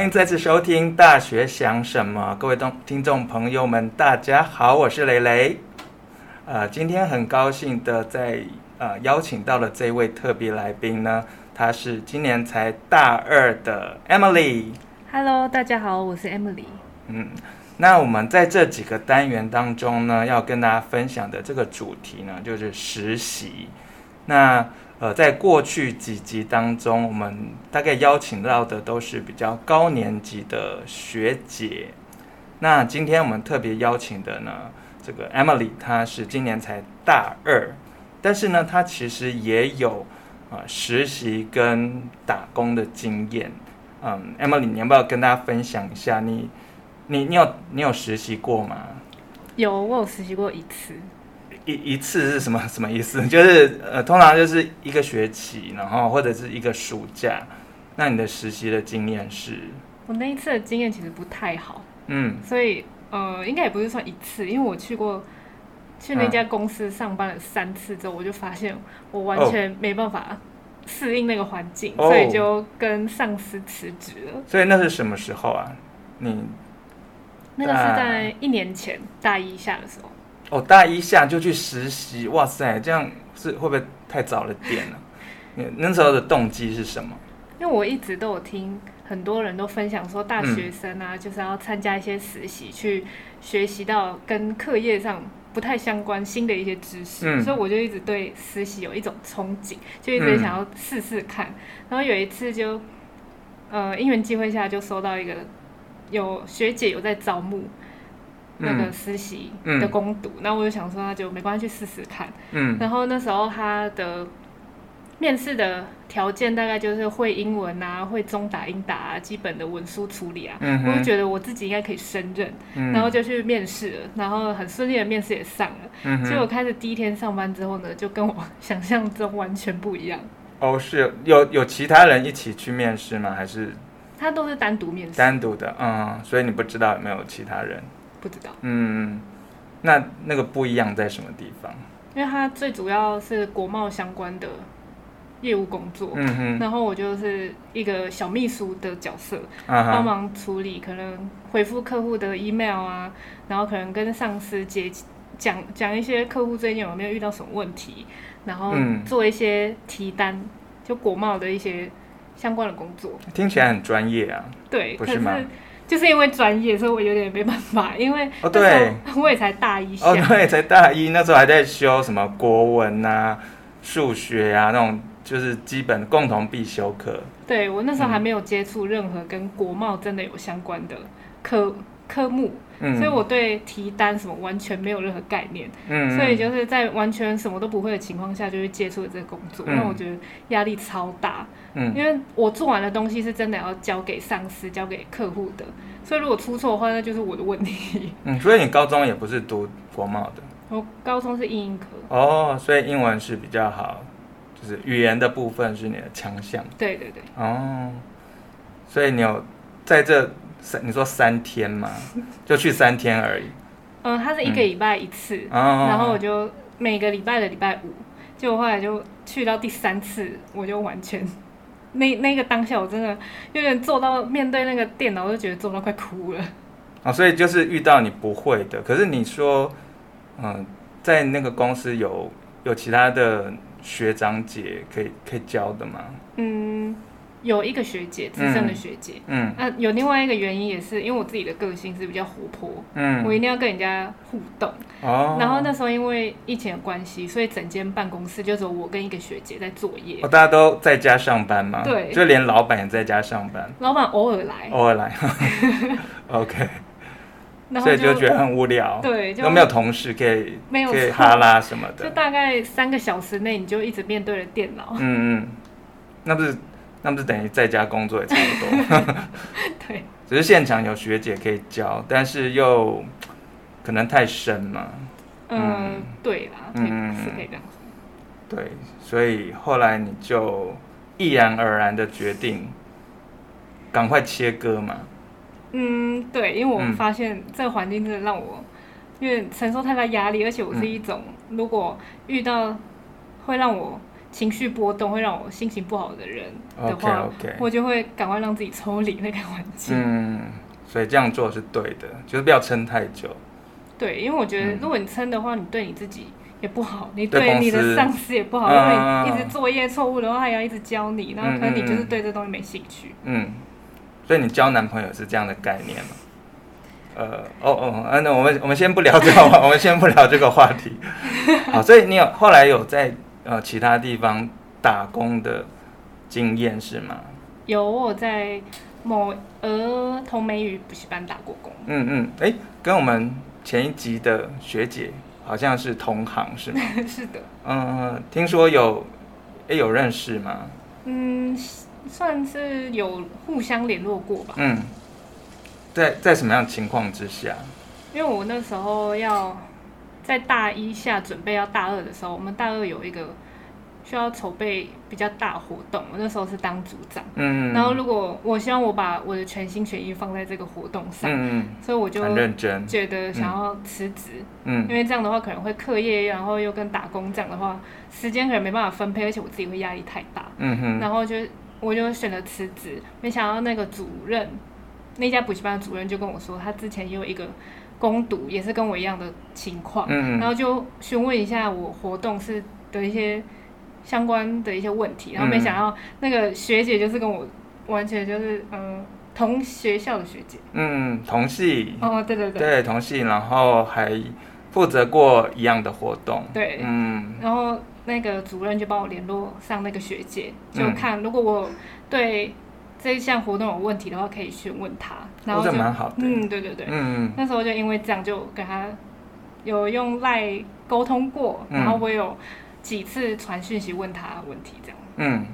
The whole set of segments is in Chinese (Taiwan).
歡迎再次收聽《大學想什麼》，各位東聽眾朋友們，大家好，我是蕾蕾。呃，今天很高興地在呃邀請到了這位特別來賓呢，他是今年才大二的 Emily。Hello，大家好，我是 Emily。嗯，那我們在這幾個單元當中呢，要跟大家分享的這個主題呢，就是實習。那呃，在過去幾集當中，我們大概邀請到的都是比較高年級的學姐。那今天我們特別邀請的呢，這個 Emily，她是今年才大二，但是呢，她其實也有啊，呃，實習跟打工的經驗。嗯，Emily，你要不要跟大家分享一下？你你你有你有實習過嗎？有，我有實習過一次。一,一次是什麼什麼意思？就是呃，通常就是一個學期，然後或者是一個暑假。那你的實習的經驗是？我那一次的經驗其實不太好。嗯。所以呃，應該也不是算一次，因為我去過去那家公司上班了三次之後，啊、我就發現我完全沒辦法適應那個環境，哦，所以就跟上司辭職了。所以那是什麼時候啊？你？那個是在一年前大一下的時候。哦，大一下就去實習，哇塞，這樣是會不會太早了點呢、啊？你那時候的動機是什麼？因為我一直都有聽很多人都分享說，大學生啊、嗯、就是要參加一些實習，去學習到跟課業上不太相關新的一些知識，嗯、所以我就一直對實習有一種憧憬，就一直想要試試看、嗯。然後有一次就呃，因緣際會下就收到一個有學姐有在招募，那個實習的工讀，那、嗯、我就想說，那就沒關係，試試看。嗯，然後那時候他的面試的條件大概就是會英文啊，會中打英打，啊，基本的文書處理啊。嗯、我就覺得我自己應該可以勝任、嗯，然後就去面試了。然後很順利的面試也上了。嗯，所以我開始第一天上班之後呢，就跟我想象中完全不一樣。哦，是，有有其他人一起去面試嗎？還是他都是單獨面試？單獨的，嗯，所以你不知道有沒有其他人。不知道。嗯，那那個不一樣在什麼地方？因為它最主要是國貿相關的業務工作。嗯，然後我就是一個小秘書的角色，幫、啊、忙處理可能回復客戶的 email 啊，然後可能跟上司接講講一些客戶最近有沒有遇到什麼問題，然後做一些提單，嗯、就國貿的一些相關的工作。聽起來很專業啊、嗯。對，不是嗎？就是因為專業，所以我有點沒辦法。因為哦，對，我也才大一，哦，我、哦、也才大一，那時候還在修什麼國文吶、啊、數學呀、啊、那種，就是基本共同必修課。對，我那時候還沒有接觸任何跟國貿真的有相關的科科目。嗯、所以我對提單什麼完全沒有任何概念，嗯，嗯，所以就是在完全什麼都不會的情況下，就會接觸了這個工作，那、嗯、我覺得壓力超大，嗯，因為我做完的東西是真的要交給上司、交給客戶的，所以如果出錯的話，那就是我的問題。嗯，所以你高中也不是讀國貿的？我高中是英語科，哦，所以英文是比較好，就是語言的部分是你的強項，對對對，哦，所以你有在這。三，你說三天嗎？就去三天而已。嗯，他是一個禮拜一次、嗯，然後我就每個禮拜的禮拜五，就、哦、後來就去到第三次，我就完全那那個當下，我真的有點坐到面對那個電腦，我就覺得坐到快哭了。哦，所以就是遇到你不會的，可是你說，嗯，在那個公司有有其他的學長姐可以可以教的嗎？嗯。有一個學姐，資深的學姐。嗯，那、嗯啊、有另外一個原因，也是因為我自己的個性是比較活潑。嗯，我一定要跟人家互動。哦。然後那時候因為疫情的關係，所以整間辦公室就只有我跟一個學姐在作業。哦，大家都在家上班嗎？對，就連老闆也在家上班。老闆偶爾來。偶爾來。 OK。所以就覺得很無聊。對，就都沒有同事可以可以哈拉什麼的。就大概三個小時內，你就一直面對着電腦。嗯嗯。那不是。那不是等於在家工作也差不多， 對。只是現場有學姐可以教，但是又可能太深嘛。呃、嗯，對啦，嗯，是可以這樣。對，所以後來你就毅然而然的決定，趕快切割嘛。嗯，對，因為我發現這個環境真的讓我，嗯、因為承受太大壓力，而且我是一種，嗯、如果遇到會讓我。情緒波動會讓我心情不好的人的話，okay, okay. 我就會趕快讓自己抽離那個環境。嗯，所以這樣做是對的，就是不要撐太久。對，因為我覺得如果你撐的話、嗯，你對你自己也不好，你對你的上司也不好，因、啊、為一直作業錯誤的話，他也要一直教你，然後可能你就是對這東西沒興趣嗯。嗯，所以你交男朋友是這樣的概念嗎？ 呃，哦哦，那我們我們先不聊這個， 我們先不聊這個話題。好，所以你有後來有在。呃，其他地方打工的經驗是嗎？有，我在某兒童美語補習班打過工。嗯嗯，哎、欸，跟我們前一集的學姐好像是同行是嗎？ 是的。嗯、呃、嗯，聽說有，哎、欸，有認識嗎？嗯，算是有互相聯絡過吧。嗯，在在什麼樣的情況之下？因為我那時候要。在大一下準備要大二的時候，我們大二有一個需要籌備比較大活動，我那時候是當組長。嗯。然後如果我希望我把我的全心全意放在這個活動上，嗯。所以我就很認真，覺得想要辭職。嗯。因為這樣的話可能會課業，然後又跟打工這樣的話，時間可能沒辦法分配，而且我自己會壓力太大。嗯哼。然後就我就選擇辭職，沒想到那個主任，那家補習班的主任就跟我說，他之前也有一個。工讀也是跟我一樣的情況、嗯，然後就詢問一下我活動是的一些相關的一些問題、嗯，然後沒想到那個學姐就是跟我完全就是嗯同學校的學姐，嗯同系，哦對對對，對同系，然後還負責過一樣的活動，對，嗯，然後那個主任就幫我聯絡上那個學姐，就看如果我對這一項活動有問題的話，可以詢問她。這蠻好的，嗯，對對對，嗯嗯，那時候就因為這樣，就跟他有用賴溝通過、嗯，然後我有幾次傳訊息問他問題，這樣。嗯，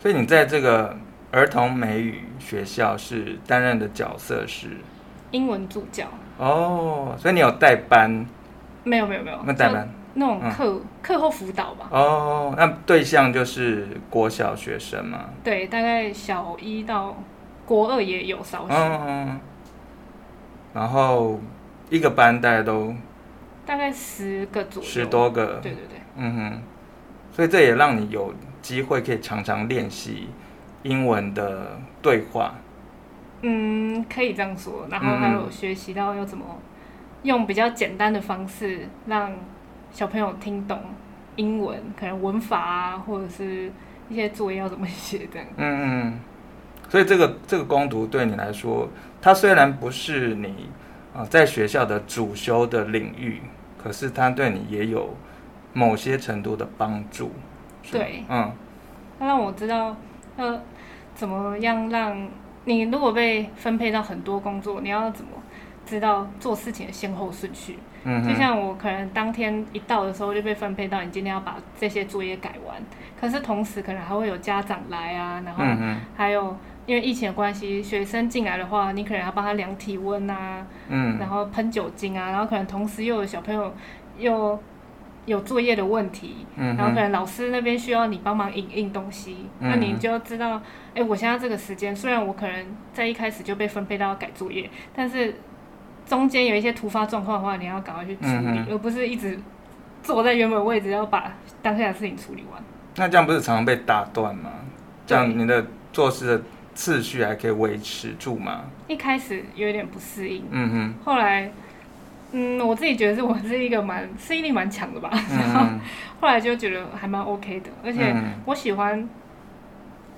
所以你在這個兒童美語學校是擔任的角色是英文助教。哦、oh,，所以你有代班？沒有沒有沒有，那代班那，那種課、嗯、課後輔導吧。哦、oh,，那對象就是國小學生嗎？對，大概小一到。國二也有少數、嗯嗯，然後一個班大家都大概十個左右，十多個，對對對，嗯哼，所以這也讓你有機會可以常常練習英文的對話，嗯，可以這樣說。然後還有學習到要怎麼用比較簡單的方式讓小朋友聽懂英文，可能文法啊，或者是一些作業要怎麼寫這樣，嗯嗯。所以這個這個工讀對你來說，它雖然不是你啊、呃、在學校的主修的領域，可是它對你也有某些程度的幫助。對，嗯，它讓我知道，呃，怎麼樣讓你如果被分配到很多工作，你要怎麼知道做事情的先後順序？嗯，就像我可能當天一到的時候就被分配到，你今天要把這些作業改完，可是同時可能還會有家長來啊，然後還有。嗯因為疫情的關係，學生進來的話，你可能要幫他量體溫啊，嗯，然後噴酒精啊，然後可能同時又有小朋友又有作業的問題，嗯，然後可能老師那邊需要你幫忙影印東西、嗯，那你就知道，哎，我現在這個時間，雖然我可能在一開始就被分配到改作業，但是中間有一些突發狀況的話，你要趕快去處理，嗯、而不是一直坐在原本位置要把當下的事情處理完。那這樣不是常常被打斷嗎？這樣你的做事的。次序還可以維持住嗎？一開始有點不適應，嗯哼。後來，嗯，我自己覺得是我是一個蠻適應力蠻強的吧。嗯、然後,後來就覺得還蠻 OK 的，而且我喜歡，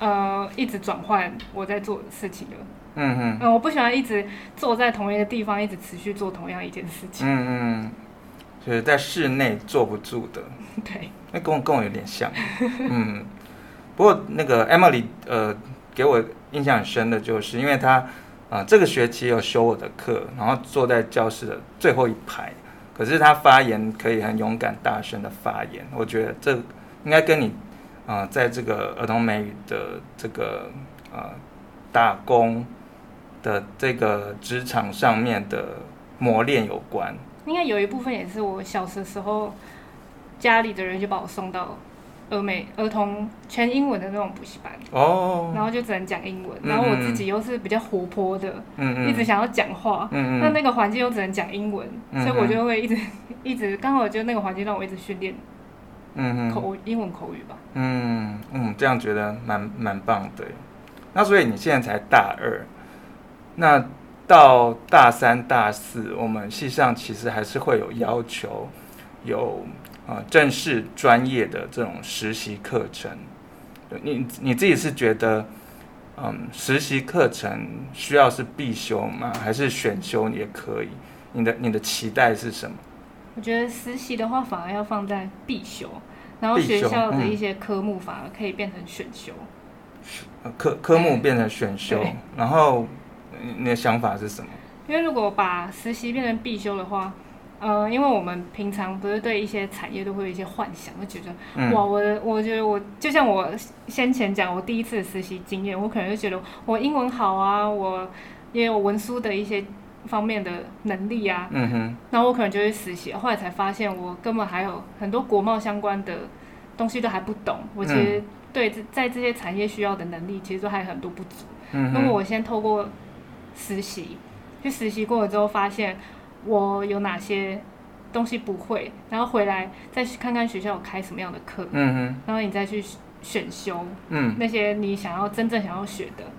嗯、呃，一直轉換我在做事情的，嗯哼。嗯、呃，我不喜歡一直坐在同一個地方，一直持續做同樣一件事情。嗯嗯，就是在室內坐不住的，對。那、欸、跟我跟我有點像， 嗯。不過那個 Emily，呃，給我。印象很深的就是，因為他，啊、呃，這個學期要修我的課，然後坐在教室的最後一排，可是他發言可以很勇敢、大聲的發言。我覺得這應該跟你，啊、呃，在這個兒童美語的這個啊、打、呃、工的這個職場上面的磨練有關。應該有一部分也是我小時時候家裡的人就把我送到了。俄美兒童全英文的那種補習班哦，oh, 然後就只能講英文嗯嗯，然後我自己又是比較活潑的，嗯，嗯一直想要講話，嗯，嗯，那那個環境又只能講英文，嗯，所以我就會一直一直剛好就那個環境讓我一直訓練，嗯嗯，口英文口語吧，嗯嗯，這樣覺得蠻蠻棒的。那所以你現在才大二，那到大三、大四，我們系上其實還是會有要求有。啊，正式專業的這種實習課程，你你自己是覺得，嗯，實習課程需要是必修嗎？還是選修也可以？你的你的期待是什麼？我覺得實習的話，反而要放在必修，然後學校的一些科目反而可以變成選修、必修，嗯，科科目變成選修。然後你的想法是什麼？因為如果把實習變成必修的話。呃，因為我們平常不是對一些產業都會有一些幻想，會覺得、嗯、哇，我的我覺得我就像我先前講，我第一次實習經驗，我可能就覺得我英文好啊，我也有文書的一些方面的能力啊，嗯哼，那我可能就會實習，後來才發現我根本還有很多國貿相關的東西都還不懂，我其實對這、嗯、在這些產業需要的能力其實都還有很多不足。嗯哼、那麼我先透過實習去實習過了之後，發現。我有哪些東西不會，然後回來再去看看學校有開什麼樣的課，嗯哼，然後你再去選修，嗯，那些你想要真正想要學的，嗯、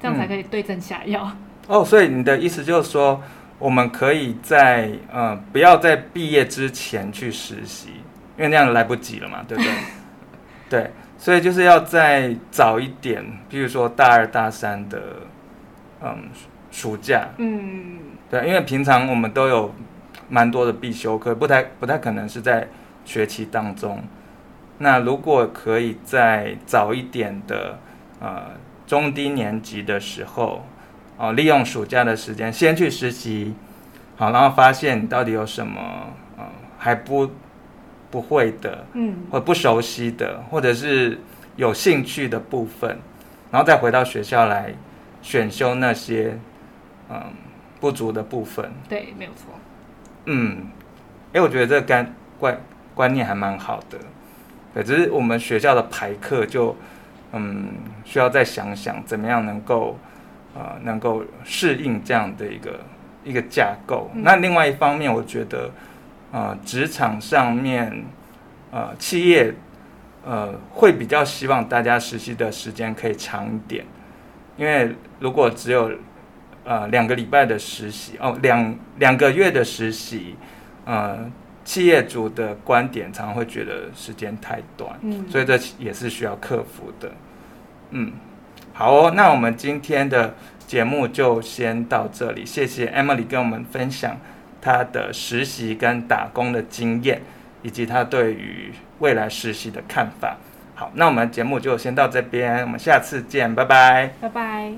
這樣才可以對症下藥。哦，所以你的意思就是說，我們可以在，嗯、呃，不要在畢業之前去實習，因為那樣來不及了嘛，對不對？ 對，所以就是要再早一點，比如說大二大三的，嗯。暑假，嗯，對，因為平常我們都有蠻多的必修課，不太不太可能是在學期當中。那如果可以在早一點的呃中低年級的時候，哦、呃，利用暑假的時間先去實習，好，然後發現你到底有什麼嗯、呃、還不不會的，嗯，或不熟悉的，或者是有興趣的部分，然後再回到學校來選修那些。嗯，不足的部分，對，沒有錯。嗯，哎，我覺得這個觀觀觀念還蠻好的，只是我們學校的排課就，嗯，需要再想想怎麼樣能夠，呃，能夠適應這樣的一個一個架構。嗯。那另外一方面，我覺得，呃，職場上面，呃，企業，呃，會比較希望大家實習的時間可以長一點，因為如果只有呃，兩個禮拜的實習哦，兩兩個月的實習，呃，企業主的觀點常常會覺得時間太短，嗯，所以這也是需要克服的。嗯，好哦，那我們今天的節目就先到這裡，謝謝 Emily 跟我們分享她的實習跟打工的經驗，以及她對於未來實習的看法。好，那我們節目就先到這邊，我們下次見，拜拜，拜拜。